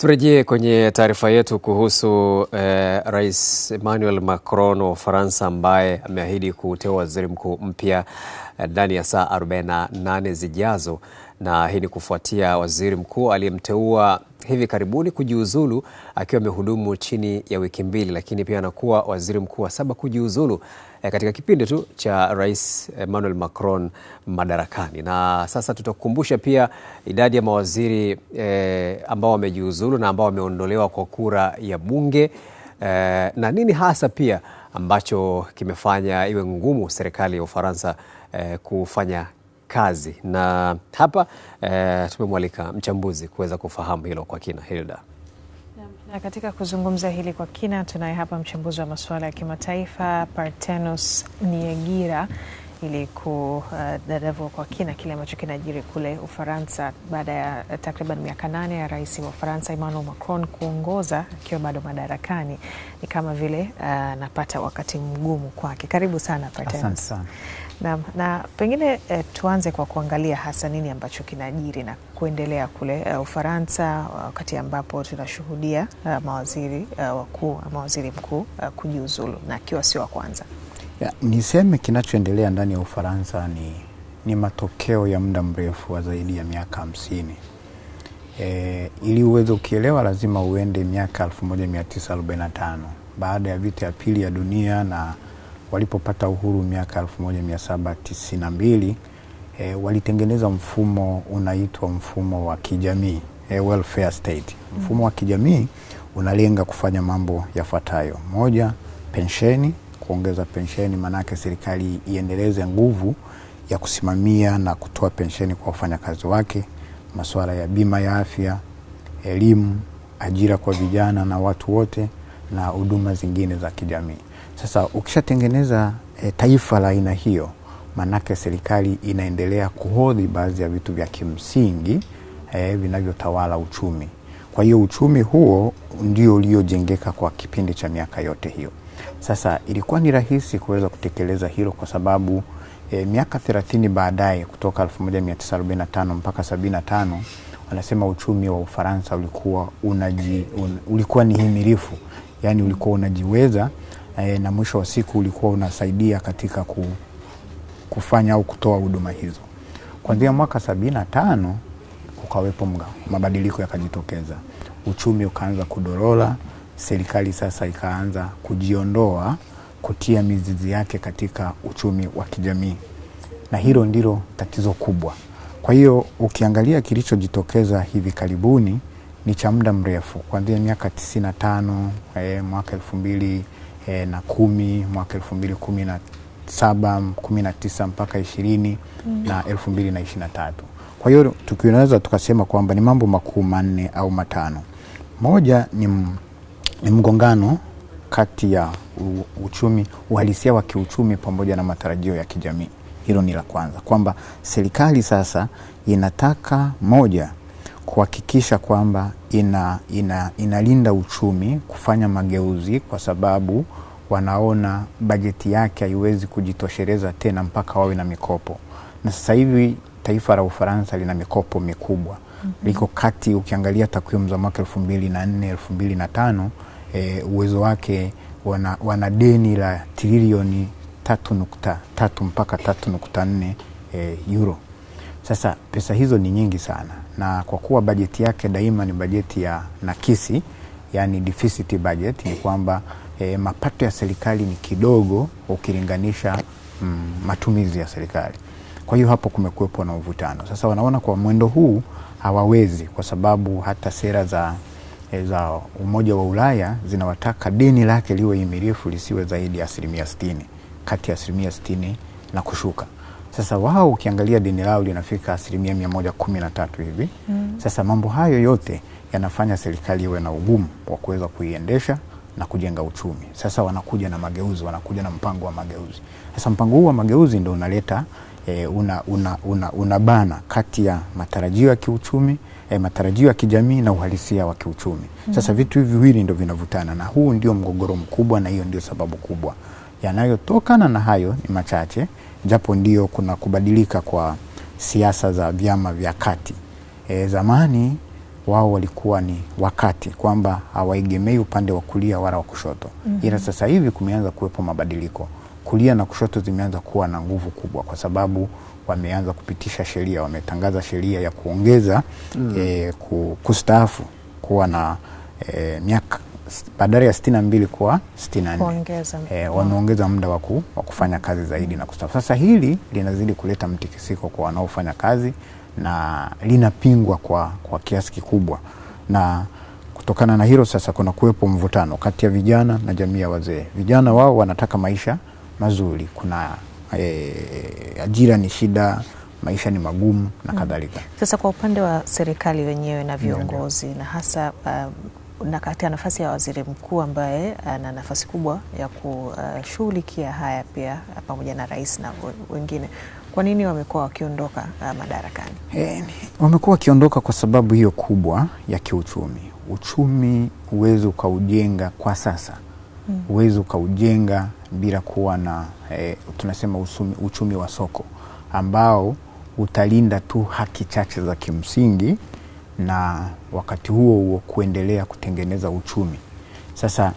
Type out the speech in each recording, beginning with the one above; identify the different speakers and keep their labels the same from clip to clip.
Speaker 1: Turejee kwenye taarifa yetu kuhusu eh, Rais Emmanuel Macron wa Ufaransa ambaye ameahidi kuteua waziri mkuu mpya eh, ndani eh, ya saa 48 zijazo, na hii ni kufuatia waziri mkuu aliyemteua hivi karibuni kujiuzulu akiwa amehudumu chini ya wiki mbili, lakini pia anakuwa waziri mkuu wa saba kujiuzulu eh, katika kipindi tu cha Rais Emmanuel Macron madarakani. Na sasa tutakukumbusha pia idadi ya mawaziri eh, ambao wamejiuzulu na ambao wameondolewa kwa kura ya bunge eh, na nini hasa pia ambacho kimefanya iwe ngumu serikali ya Ufaransa eh, kufanya kazi na hapa eh, tumemwalika mchambuzi kuweza kufahamu hilo kwa kina. Hilda
Speaker 2: na katika kuzungumza hili kwa kina tunaye hapa mchambuzi wa masuala ya kimataifa Partenos Niegira ili kudadavua uh, kwa kina kile ambacho kinajiri kule Ufaransa baada ya uh, takriban miaka nane ya rais wa Ufaransa Emmanuel Macron kuongoza akiwa bado madarakani, ni kama vile eh, anapata uh, wakati mgumu kwake. Karibu sana sana. Na, na pengine eh, tuanze kwa kuangalia hasa nini ambacho kinajiri na kuendelea kule eh, Ufaransa eh, wakati ambapo tunashuhudia eh, mawaziri eh, wakuu mawaziri mkuu eh, kujiuzulu na akiwa sio wa kwanza.
Speaker 3: Ya, niseme kinachoendelea ndani ya Ufaransa ni, ni matokeo ya muda mrefu wa zaidi ya miaka hamsini. E, ili uweze ukielewa lazima uende miaka 1945 baada ya vita ya pili ya dunia na walipopata uhuru miaka 1792 e, eh, walitengeneza mfumo unaitwa mfumo wa kijamii e, welfare state. Mfumo wa kijamii unalenga kufanya mambo yafuatayo: moja, pensheni, kuongeza pensheni, maanake serikali iendeleze nguvu ya kusimamia na kutoa pensheni kwa wafanyakazi wake, masuala ya bima ya afya, elimu, ajira kwa vijana na watu wote, na huduma zingine za kijamii. Sasa ukishatengeneza e, taifa la aina hiyo, maanake serikali inaendelea kuhodhi baadhi ya vitu vya kimsingi e, vinavyotawala uchumi. Kwa hiyo uchumi huo ndio uliojengeka kwa kipindi cha miaka yote hiyo. Sasa ilikuwa ni rahisi kuweza kutekeleza hilo kwa sababu e, miaka 30 baadaye kutoka 1945 mpaka 75 wanasema uchumi wa Ufaransa ulikuwa unaji, un, ulikuwa ni himilifu, yani ulikuwa unajiweza e, na mwisho wa siku ulikuwa unasaidia katika ku, kufanya au kutoa huduma hizo. Kwanzia mwaka sabini na tano ukawepo mabadiliko yakajitokeza, uchumi ukaanza kudorola, serikali sasa ikaanza kujiondoa kutia mizizi yake katika uchumi wa kijamii, na hilo ndilo tatizo kubwa. Kwa hiyo ukiangalia kilichojitokeza hivi karibuni ni cha muda mrefu kuanzia miaka tisini na tano eh, mwaka elfu mbili e, na kumi mwaka elfu mbili kumi na saba kumi na tisa mpaka ishirini mm. na elfu mbili na ishirini na tatu Kwa hiyo tukinaweza tukasema kwamba ni mambo makuu manne au matano. Moja ni, ni mgongano kati ya uchumi uhalisia wa kiuchumi pamoja na matarajio ya kijamii. Hilo ni la kwanza, kwamba serikali sasa inataka moja kuhakikisha kwamba ina, ina, inalinda uchumi kufanya mageuzi kwa sababu wanaona bajeti yake haiwezi kujitosheleza tena mpaka wawe na mikopo. Na sasa hivi taifa la Ufaransa lina mikopo mikubwa mm -hmm. liko kati, ukiangalia takwimu za mwaka elfu mbili na nne elfu mbili na tano e, uwezo wake wana, wana deni la trilioni tatu nukta tatu mpaka tatu nukta nne e, euro. Sasa pesa hizo ni nyingi sana na kwa kuwa bajeti yake daima ni bajeti ya nakisi, yani deficit budget, ni kwamba e, mapato ya serikali ni kidogo ukilinganisha mm, matumizi ya serikali. Kwa hiyo hapo kumekuwepo na uvutano. Sasa wanaona kwa mwendo huu hawawezi, kwa sababu hata sera za eh, za Umoja wa Ulaya zinawataka deni lake liwe imirifu lisiwe zaidi ya asilimia sitini, kati ya asilimia sitini na kushuka. Sasa wao ukiangalia deni lao linafika asilimia mia moja kumi na tatu hivi mm. Sasa mambo hayo yote yanafanya serikali iwe na ugumu wa kuweza kuiendesha na kujenga uchumi. Sasa wanakuja na mageuzi, wanakuja na mpango wa mageuzi. Sasa mpango huu wa mageuzi ndo unaleta e, una, una, una, una bana kati ya matarajio ya kiuchumi e, matarajio ya kijamii na uhalisia wa kiuchumi. Mm. Sasa vitu hivi viwili ndo vinavutana, na huu ndio mgogoro mkubwa, na hiyo ndio sababu kubwa. Yanayotokana na hayo ni machache japo ndio kuna kubadilika kwa siasa za vyama vya kati. E, zamani wao walikuwa ni wakati kwamba hawaegemei upande wa kulia wala wa kushoto mm -hmm. Ila sasa hivi kumeanza kuwepo mabadiliko, kulia na kushoto zimeanza kuwa na nguvu kubwa, kwa sababu wameanza kupitisha sheria, wametangaza sheria ya kuongeza mm -hmm. e, kustaafu kuwa na e, miaka badala ya sitini na mbili kuwa sitini na nne e, wameongeza eh, muda wa kufanya kazi zaidi na kustaafu. Sasa hili linazidi kuleta mtikisiko kwa wanaofanya kazi na linapingwa kwa, kwa kiasi kikubwa, na kutokana na hilo sasa kuna kuwepo mvutano kati ya vijana na jamii ya wazee. Vijana wao wanataka maisha mazuri, kuna e, ajira ni shida maisha ni magumu na mm. kadhalika.
Speaker 2: Sasa kwa upande wa serikali wenyewe na viongozi na hasa uh, na katika nafasi ya waziri mkuu ambaye eh, ana nafasi kubwa ya kushughulikia haya pia eh, pamoja na rais na wengine, kwa nini wamekuwa wakiondoka eh, madarakani?
Speaker 3: wamekuwa wakiondoka kwa sababu hiyo kubwa ya kiuchumi. Uchumi huwezi ukaujenga kwa sasa, hmm. huwezi hmm, ukaujenga bila kuwa na eh, tunasema usumi, uchumi wa soko ambao utalinda tu haki chache za kimsingi na wakati huo huo kuendelea kutengeneza uchumi. Sasa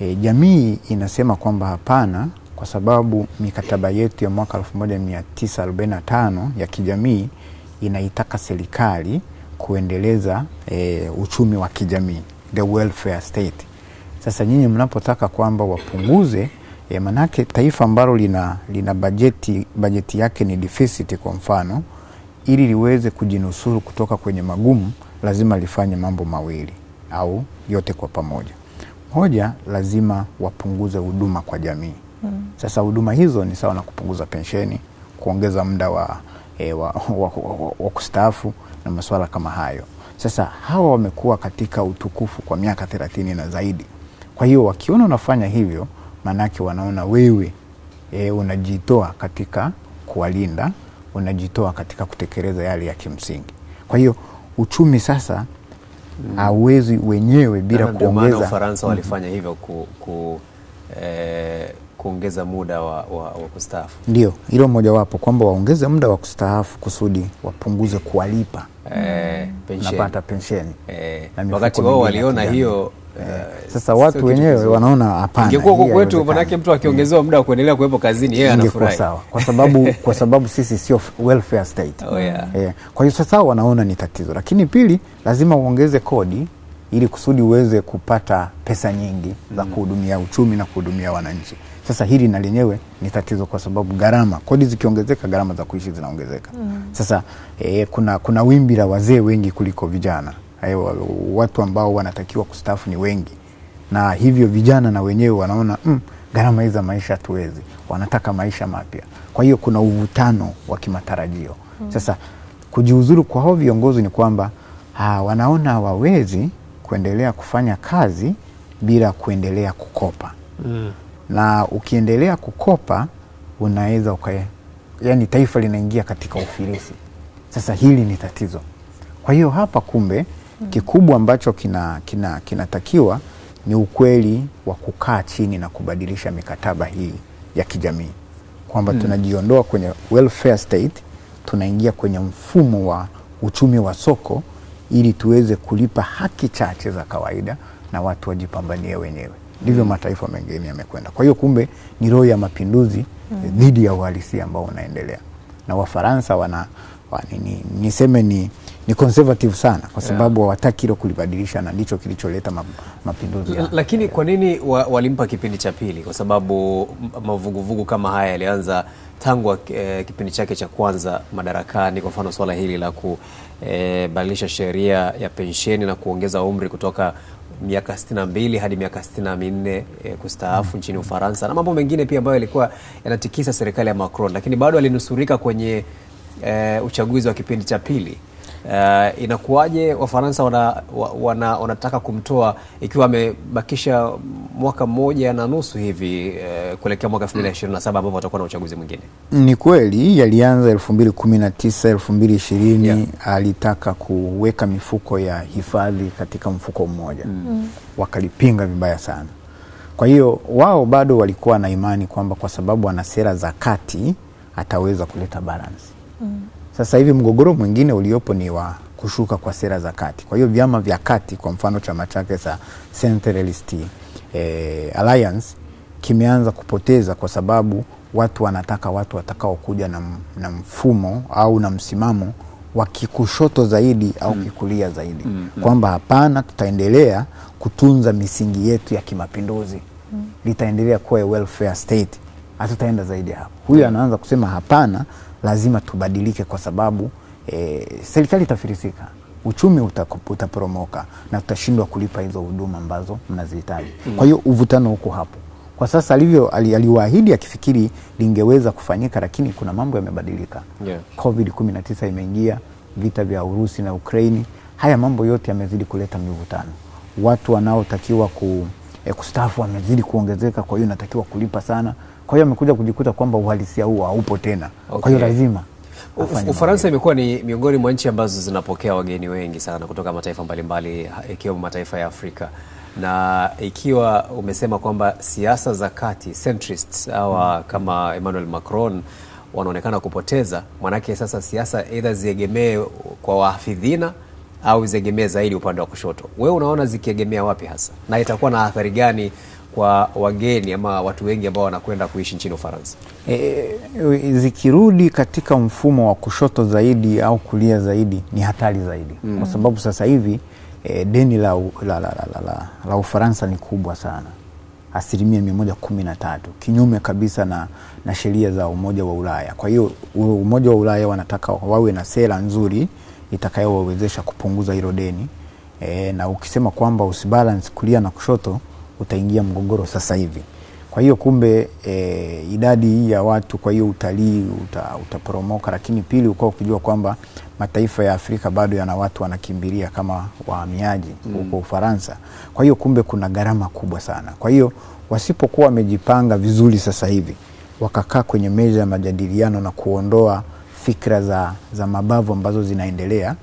Speaker 3: e, jamii inasema kwamba hapana, kwa sababu mikataba yetu ya mwaka 1945 ya kijamii inaitaka serikali kuendeleza e, uchumi wa kijamii, the welfare state. Sasa nyinyi mnapotaka kwamba wapunguze e, manake taifa ambalo lina, lina bajeti, bajeti yake ni deficit kwa mfano, ili liweze kujinusuru kutoka kwenye magumu lazima lifanye mambo mawili au yote kwa pamoja. Moja, lazima wapunguze huduma kwa jamii. Mm. Sasa huduma hizo ni sawa na kupunguza pensheni, kuongeza muda wa, e, wa, wa, wa, wa kustaafu na masuala kama hayo. Sasa hawa wamekuwa katika utukufu kwa miaka thelathini na zaidi. Kwa hiyo wakiona unafanya hivyo, maanake wanaona wewe e, unajitoa katika kuwalinda, unajitoa katika kutekeleza yale ya kimsingi. Kwa hiyo uchumi sasa hauwezi mm. wenyewe bila kuongeza.
Speaker 1: Ufaransa mm-hmm. walifanya hivyo ku, ku, eh, kuongeza muda wa, wa, wa kustaafu.
Speaker 3: Ndio hilo mojawapo kwamba waongeze muda wa kustaafu kusudi wapunguze kuwalipa eh, pensheni. Napata pensheni eh,
Speaker 1: wakati wao waliona hiyo Eh,
Speaker 3: sasa watu wenyewe wanaona hapana, ingekuwa
Speaker 1: kwa kwetu, manake mtu akiongezewa muda wa kuendelea kuwepo kazini yeye anafurahi sawa,
Speaker 3: kwa sababu kwa sababu sisi sio welfare state. Oh, yeah. Yeah. Kwa hiyo sasa wanaona ni tatizo, lakini pili, lazima uongeze kodi ili kusudi uweze kupata pesa nyingi za mm. kuhudumia uchumi na kuhudumia wananchi. Sasa hili na lenyewe ni tatizo, kwa sababu gharama, kodi zikiongezeka, gharama za kuishi zinaongezeka mm. Sasa eh, kuna, kuna wimbi la wazee wengi kuliko vijana Eh, Ayo, watu ambao wanatakiwa kustafu ni wengi, na hivyo vijana na wenyewe wanaona mm, gharama hizi za maisha hatuwezi, wanataka maisha mapya. Kwa hiyo kuna uvutano wa kimatarajio mm. Sasa kujiuzuru kwa hao viongozi ni kwamba wanaona hawawezi kuendelea kufanya kazi bila kuendelea kukopa mm. na ukiendelea kukopa unaweza ukae, yani taifa linaingia katika ufilisi. Sasa hili ni tatizo. Kwa hiyo hapa kumbe Kikubwa ambacho kinatakiwa kina, kina ni ukweli wa kukaa chini na kubadilisha mikataba hii ya kijamii kwamba mm. tunajiondoa kwenye welfare state tunaingia kwenye mfumo wa uchumi wa soko ili tuweze kulipa haki chache za kawaida na watu wajipambanie wenyewe. Ndivyo hmm. mataifa mengine yamekwenda. Kwa hiyo kumbe ni roho ya mapinduzi hmm. eh, dhidi mm. ya uhalisia ambao unaendelea, na Wafaransa wana ni, niseme ni, ni conservative sana kwa sababu hawataki hilo kulibadilisha, na ndicho kilicholeta mapinduzi.
Speaker 1: Lakini kwa nini wa, walimpa kipindi cha pili? Kwa sababu mavuguvugu kama haya yalianza tangu eh, kipindi chake cha kwanza madarakani. Kwa mfano swala hili la kubadilisha eh, sheria ya pensheni na kuongeza umri kutoka miaka 62 hadi miaka 64 eh, kustaafu mm, nchini Ufaransa na mambo mengine pia ambayo yalikuwa yanatikisa serikali ya Macron, lakini bado alinusurika kwenye eh, uchaguzi wa kipindi cha pili. eh, inakuwaje Wafaransa wana, wana, wanataka kumtoa ikiwa amebakisha mwaka mmoja na nusu hivi eh, kuelekea mwaka 2027 ambapo watakuwa na uchaguzi mwingine?
Speaker 3: Ni kweli yalianza 2019, 2020 Alitaka kuweka mifuko ya hifadhi katika mfuko mmoja mm. mm. Wakalipinga vibaya sana. Kwa hiyo wao bado walikuwa na imani kwamba kwa sababu ana sera za kati ataweza kuleta balansi Mm. Sasa hivi mgogoro mwingine uliopo ni wa kushuka kwa sera za kati. Kwa hiyo vyama vya kati, kwa mfano chama chake cha Centralist eh, Alliance kimeanza kupoteza kwa sababu watu wanataka watu watakaokuja na, na mfumo au na msimamo wa kikushoto zaidi au mm. kikulia zaidi mm. mm. kwamba hapana, tutaendelea kutunza misingi yetu ya kimapinduzi mm. litaendelea kuwa welfare state, hatutaenda zaidi hapo. Huyu mm. anaanza kusema hapana lazima tubadilike kwa sababu e, serikali itafirisika, uchumi utaporomoka na tutashindwa kulipa hizo huduma ambazo mnazihitaji. Mm. Kwa hiyo uvutano huko hapo kwa sasa alivyo aliwaahidi akifikiri lingeweza kufanyika, lakini kuna mambo yamebadilika. Yeah. Covid 19 imeingia, vita vya Urusi na Ukraini, haya mambo yote yamezidi kuleta mivutano. Watu wanaotakiwa ku, eh, kustaafu wamezidi kuongezeka, kwa hiyo natakiwa kulipa sana. Kwa hiyo amekuja kujikuta kwamba uhalisia huo haupo tena, okay. Kwa hiyo lazima
Speaker 1: Ufaransa imekuwa ni miongoni mwa nchi ambazo zinapokea wageni wengi sana kutoka mataifa mbalimbali ikiwemo mataifa ya Afrika, na ikiwa umesema kwamba siasa za kati centrists hawa kama Emmanuel Macron wanaonekana kupoteza, maanake sasa siasa aidha ziegemee kwa wahafidhina au ziegemee zaidi upande wa kushoto. Wewe unaona zikiegemea wapi hasa, na itakuwa na athari gani kwa wageni ama watu wengi ambao wanakwenda kuishi nchini Ufaransa? E,
Speaker 3: e, zikirudi katika mfumo wa kushoto zaidi au kulia zaidi ni hatari zaidi mm. kwa sababu sasa hivi e, deni la, la, la, la, la, la Ufaransa ni kubwa sana asilimia mia moja kumi na tatu kinyume kabisa na, na sheria za Umoja wa Ulaya. Kwa hiyo Umoja wa Ulaya wanataka wawe na sera nzuri itakayowawezesha kupunguza hilo deni e, na ukisema kwamba usibalance kulia na kushoto utaingia mgogoro sasa hivi. Kwa hiyo kumbe e, idadi hii ya watu, kwa hiyo utalii uta, utaporomoka. Lakini pili, ukawa ukijua kwamba mataifa ya Afrika bado yana watu wanakimbilia kama wahamiaji mm. huko mm. Ufaransa. Kwa hiyo kumbe kuna gharama kubwa sana. Kwa hiyo wasipokuwa wamejipanga vizuri sasa hivi wakakaa kwenye meza ya majadiliano na kuondoa fikra za, za mabavu ambazo zinaendelea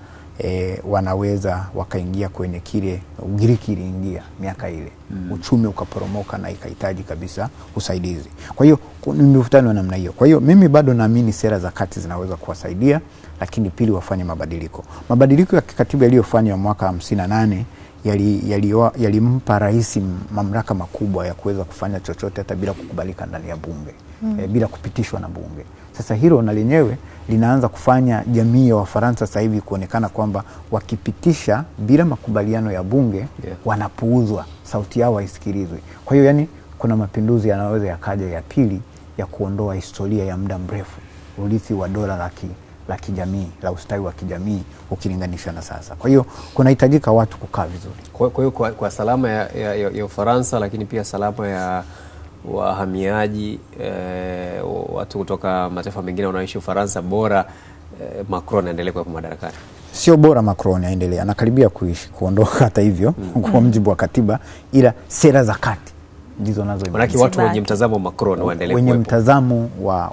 Speaker 3: e, wanaweza wakaingia kwenye kile Ugiriki iliingia miaka ile mm. uchumi ukaporomoka na ikahitaji kabisa usaidizi. Kwa hiyo ni mivutano namna hiyo. Kwa hiyo mimi bado naamini sera za kati zinaweza kuwasaidia, lakini pili, wafanye mabadiliko. Mabadiliko ya kikatiba yaliyofanywa mwaka 58 yalimpa yali, yali rais mamlaka makubwa ya kuweza kufanya chochote hata bila kukubalika ndani ya bunge mm. e, bila kupitishwa na bunge. Sasa hilo na lenyewe linaanza kufanya jamii ya Wafaransa sasa hivi kuonekana kwamba wakipitisha bila makubaliano ya bunge yeah, wanapuuzwa, sauti yao haisikilizwi. Kwa hiyo yani, kuna mapinduzi yanaweza yakaja ya pili ya kuondoa historia ya muda mrefu, urithi wa dola laki la kijamii la ustawi wa kijamii ukilinganisha na sasa. Kwa hiyo kunahitajika watu kukaa vizuri,
Speaker 1: kwa hiyo kwa, kwa salama ya, ya, ya, ya Ufaransa, lakini pia salama ya wahamiaji eh, watu kutoka mataifa mengine wanaoishi Ufaransa, bora eh, Macron aendelee kuwepo madarakani?
Speaker 3: Sio bora Macron aendelee, anakaribia kuishi kuondoka hata hivyo mm. kwa mjibu wa katiba, ila sera za kati ndizo nazo,
Speaker 1: maanake watu wenye mtazamo Macron waendelee
Speaker 3: wenye mtazamo wa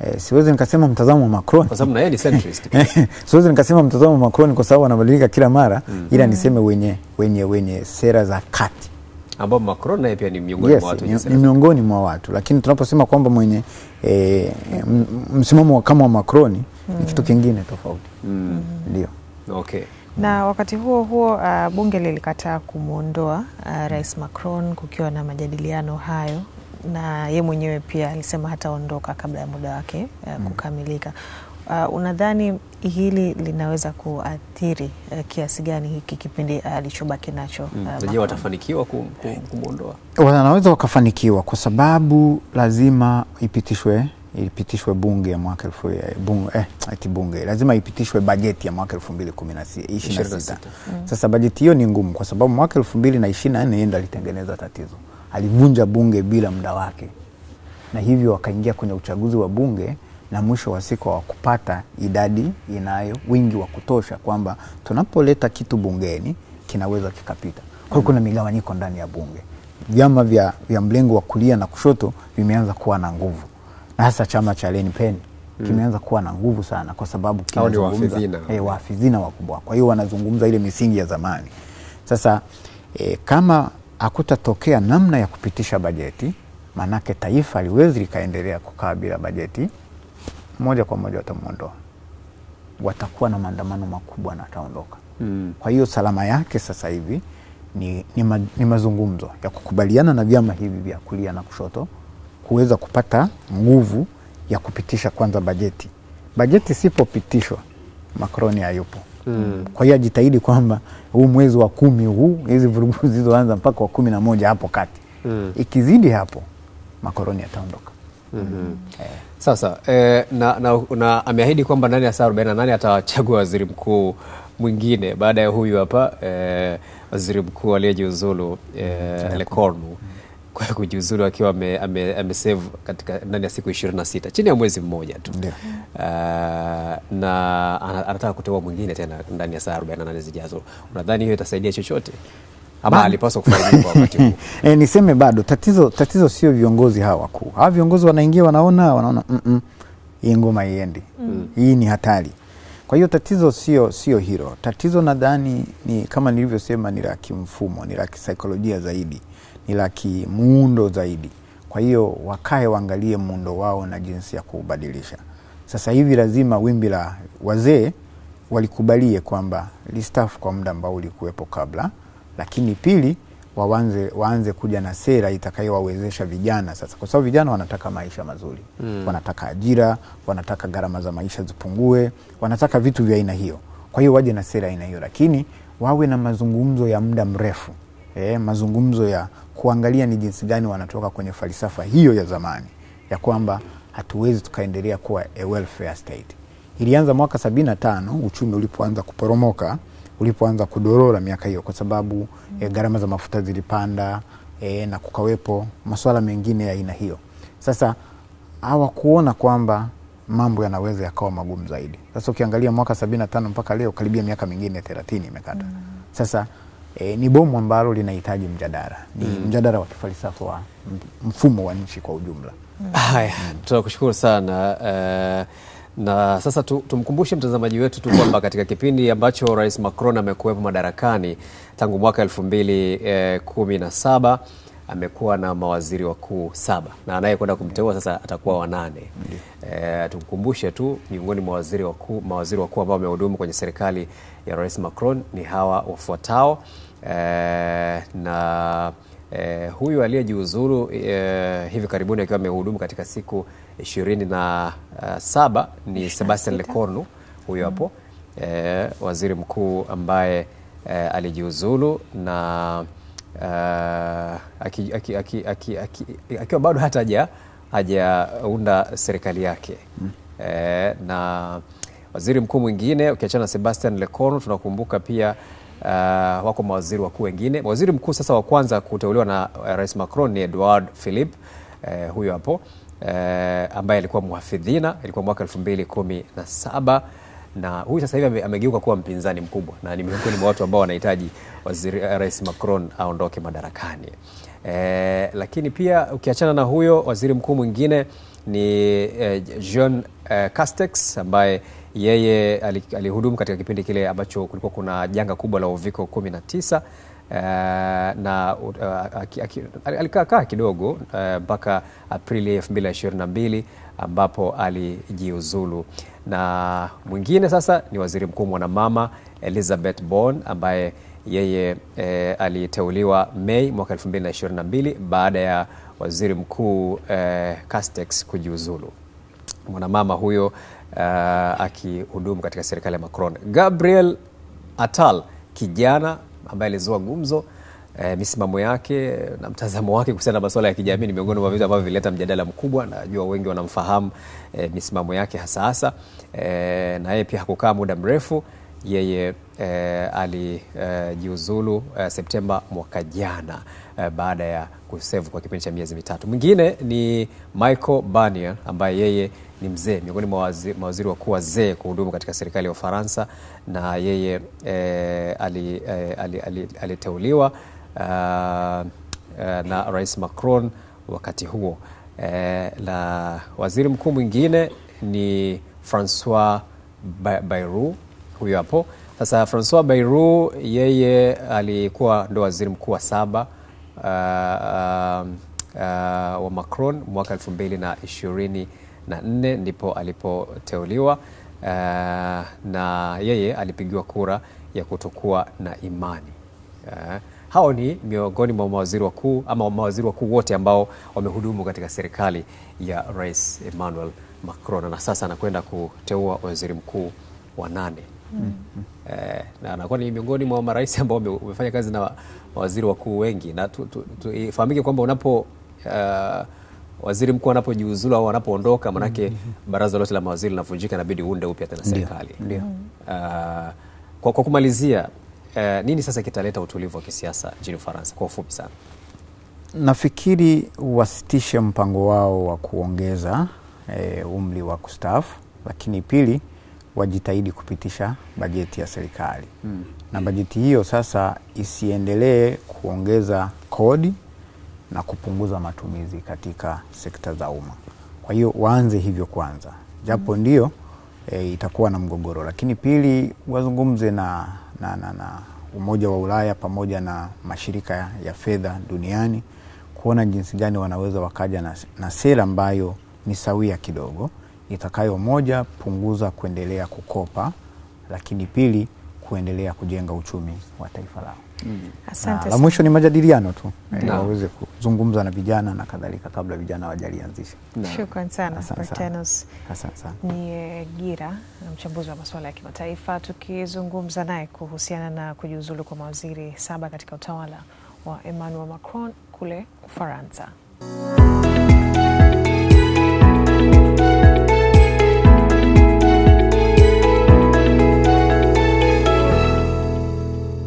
Speaker 3: E, eh, siwezi nikasema mtazamo wa Macron kwa
Speaker 1: sababu na yeye ni centrist.
Speaker 3: Siwezi nikasema mtazamo wa Macron kwa sababu anabadilika kila mara mm. ila mm. niseme wenye, wenye, wenye sera za kati
Speaker 1: ambao Macron naye pia ni miongoni yes, mwa watu ni
Speaker 3: miongoni mwa watu lakini tunaposema kwamba mwenye e, msimamo kama wa Macron mm. ni hmm. kitu kingine tofauti mm. ndio okay.
Speaker 2: Na wakati huo huo uh, bunge lilikataa kumwondoa uh, Rais Macron kukiwa na majadiliano hayo na ye mwenyewe pia alisema hataondoka kabla ya muda wake uh, hmm. kukamilika. Uh, unadhani hili linaweza kuathiri uh, kiasi gani hiki kipindi uh, alichobaki uh, nacho
Speaker 1: uh, mm. watafanikiwa kumwondoa?
Speaker 3: Wanaweza wakafanikiwa kwa sababu lazima ipitishwe ipitishwe bunge ya mwaka elfu bunge, eh, ati eh, bunge lazima ipitishwe bajeti ya mwaka elfu mbili kumi na sita. Hmm. Sasa bajeti hiyo ni ngumu kwa sababu mwaka elfu mbili na ishirini na nne yenda alitengeneza tatizo, alivunja bunge bila muda wake, na hivyo wakaingia kwenye uchaguzi wa bunge na mwisho wa siku hawakupata idadi inayo wingi wa kutosha, kwamba tunapoleta kitu bungeni kinaweza kikapita. Kwa hiyo kuna migawanyiko ndani ya bunge, vyama vya, vya mlengo wa kulia na kushoto vimeanza kuwa na nguvu, na hasa chama cha Lenipeni hmm. kimeanza kuwa na nguvu sana, kwa sababu waafidhina eh, wakubwa, kwa hiyo wanazungumza ile misingi ya zamani. Sasa eh, kama hakutatokea namna ya kupitisha bajeti, maanake taifa liwezi likaendelea kukaa bila bajeti moja kwa moja watamwondoa, watakuwa na maandamano makubwa na ataondoka. Mm. Kwa hiyo salama yake sasa hivi ni, ni, ma, ni mazungumzo ya kukubaliana na vyama hivi vya kulia na kushoto kuweza kupata nguvu ya kupitisha kwanza bajeti. Bajeti isipopitishwa Macron hayupo. Mm. Kwa hiyo ajitahidi kwamba huu mwezi wa kumi huu hizi vurugu zilizoanza mpaka wa kumi na moja hapo kati. Mm. Ikizidi hapo Macron ataondoka. Mm
Speaker 1: -hmm. eh. Sasa eh, na, na, na ameahidi kwamba ndani ya saa 48 atawachagua waziri mkuu mwingine baada ya huyu hapa eh, waziri mkuu aliyejiuzulu eh, Lekornu kwa kujiuzulu akiwa amesave ame, ame katika ndani ya siku 26 chini ya mwezi mmoja tu yeah. Uh, na anataka kuteua mwingine tena ndani ya saa 48 zijazo. Unadhani hiyo itasaidia chochote? ama alipaswa kufanya kwa wakati huu?
Speaker 3: E, eh, niseme bado tatizo, tatizo sio viongozi hawa wakuu. Hawa viongozi wanaingia wanaona wanaona mm -mm, hii ngoma iende mm. Hii ni hatari. Kwa hiyo tatizo sio sio hilo. Tatizo nadhani ni kama nilivyosema, ni la kimfumo, ni la kisaikolojia zaidi, ni la kimuundo zaidi. Kwa hiyo wakae waangalie muundo wao na jinsi ya kuubadilisha. Sasa hivi lazima wimbi la wazee walikubalie kwamba listafu kwa muda ambao ulikuwepo kabla mm lakini pili waanze waanze kuja na sera itakayowawezesha vijana sasa, kwa sababu vijana wanataka maisha mazuri mm. wanataka ajira, wanataka gharama za maisha zipungue, wanataka vitu vya aina hiyo. Kwa hiyo waje na sera aina hiyo, lakini wawe na mazungumzo ya muda mrefu eh, mazungumzo ya kuangalia ni jinsi gani wanatoka kwenye falsafa hiyo ya zamani ya kwamba hatuwezi tukaendelea kuwa a welfare state. Ilianza mwaka sabini na tano uchumi ulipoanza kuporomoka ulipoanza kudorora miaka hiyo, kwa sababu mm. e, gharama za mafuta zilipanda e, na kukawepo masuala mengine ya aina hiyo. Sasa hawakuona kwamba mambo yanaweza yakawa magumu zaidi. Sasa ukiangalia mwaka sabini na tano mpaka leo karibia miaka mingine thelathini imekata mm. Sasa e, ni bomu ambalo linahitaji mjadala, ni mm. mjadala wa kifalsafa wa mfumo wa nchi kwa ujumla.
Speaker 1: Haya, mm. tunakushukuru sana uh, na sasa tu, tumkumbushe mtazamaji wetu tu kwamba katika kipindi ambacho Rais Macron amekuwepo madarakani tangu mwaka 2017 eh, amekuwa na mawaziri wakuu saba na anayekwenda kumteua sasa atakuwa wanane. E, eh, tumkumbushe tu miongoni mwa waziri wakuu mawaziri wakuu ambao wamehudumu kwenye serikali ya Rais Macron ni hawa wafuatao e, na e, huyu aliyejiuzuru e, hivi karibuni akiwa amehudumu katika siku ishirini saba ni Sebastian Lecornu huyo mm. hapo mm. e, waziri mkuu ambaye e, alijiuzulu na uh, eh, akiwa aki, aki, aki, aki, aki bado hata haja hajaunda serikali yake mm. e, na waziri mkuu mwingine ukiachana na Sebastian Lecornu tunakumbuka pia Uh, wako mawaziri wakuu wengine. Waziri mkuu sasa wa kwanza kuteuliwa na Rais Macron ni Edouard Philippe, uh, huyo hapo eh, ambaye alikuwa muhafidhina, ilikuwa mwaka kumi na huyu sasa hivi amegeuka kuwa mpinzani mkubwa na ni miongoni mwa watu ambao wanahitaji waziri eh, Rais Macron aondoke madarakani. Eh, lakini pia ukiachana na huyo, waziri mkuu mwingine ni eh, Jean eh, Castex ambaye yeye alihudumu katika kipindi kile ambacho kulikuwa kuna janga kubwa la uviko 19 Eh, na uh, alikaa kaa kidogo eh, mpaka uh, Aprili mbili ambapo alijiuzulu. Na mwingine sasa ni waziri mkuu mwanamama Elizabeth bon ambaye yeye eh, aliteuliwa Mei mwaka mbili baada ya waziri mkuu eh, Castex kujiuzulu. Mwanamama huyo uh, akihudumu katika serikali ya Macron. Gabriel Attal kijana ambaye alizua gumzo e, misimamo yake na mtazamo wake kuhusiana na masuala ya kijamii. Ni miongoni mwa vitu ambavyo vilileta mjadala mkubwa. Najua wengi wanamfahamu e, misimamo yake hasa hasa e, na yeye pia hakukaa muda mrefu yeye e, alijiuzulu e, Septemba mwaka jana e, baada ya kusevu kwa kipindi cha miezi mitatu. Mwingine ni Michael Barnier ambaye yeye ni mzee miongoni mwa mawaziri wakuu wazee kuhudumu katika serikali ya Ufaransa na yeye eh, aliteuliwa ali, ali, ali, ali uh, uh, na Rais Macron wakati huo na la waziri mkuu mwingine ni Francois Bayrou huyo hapo. Sasa Francois Bayrou yeye alikuwa ndo waziri mkuu wa saba uh, uh, uh, wa Macron mwaka 2024 ndipo alipoteuliwa uh, na yeye alipigiwa kura ya kutokuwa na imani uh, hao ni miongoni mwa mawaziri wakuu ama mawaziri wakuu wote ambao wamehudumu katika serikali ya Rais Emmanuel Macron, na sasa anakwenda kuteua waziri mkuu wa nane. Mm-hmm. Eh, na anakuwa ni miongoni mwa marais ambao umefanya kazi na mawaziri wakuu wengi, na ifahamike kwamba unapo uh, waziri mkuu anapojiuzulu au anapoondoka, manake mm -hmm. baraza lote la mawaziri linavunjika, inabidi uunde upya tena serikali. Ndio. Uh, kwa, kwa kumalizia uh, nini sasa kitaleta utulivu wa kisiasa nchini Ufaransa kwa ufupi sana?
Speaker 3: Nafikiri wasitishe mpango wao wa kuongeza eh, umri wa kustaafu, lakini pili wajitahidi kupitisha bajeti ya serikali mm. na bajeti hiyo sasa isiendelee kuongeza kodi na kupunguza matumizi katika sekta za umma. Kwa hiyo waanze hivyo kwanza, japo mm. ndio e, itakuwa na mgogoro, lakini pili wazungumze na, na, na, na Umoja wa Ulaya pamoja na mashirika ya fedha duniani kuona jinsi gani wanaweza wakaja na, na sera ambayo ni sawia kidogo itakayo moja, punguza kuendelea kukopa, lakini pili, kuendelea kujenga uchumi wa taifa lao. Mm. Asante. La mwisho ni majadiliano tu mm. waweze kuzungumza na vijana na kadhalika kabla vijana hawajalianzisha.
Speaker 2: Shukrani sana Ni Gira mchambuzi wa masuala ya kimataifa, tukizungumza naye kuhusiana na kujiuzulu kwa mawaziri saba katika utawala wa Emmanuel Macron kule Ufaransa.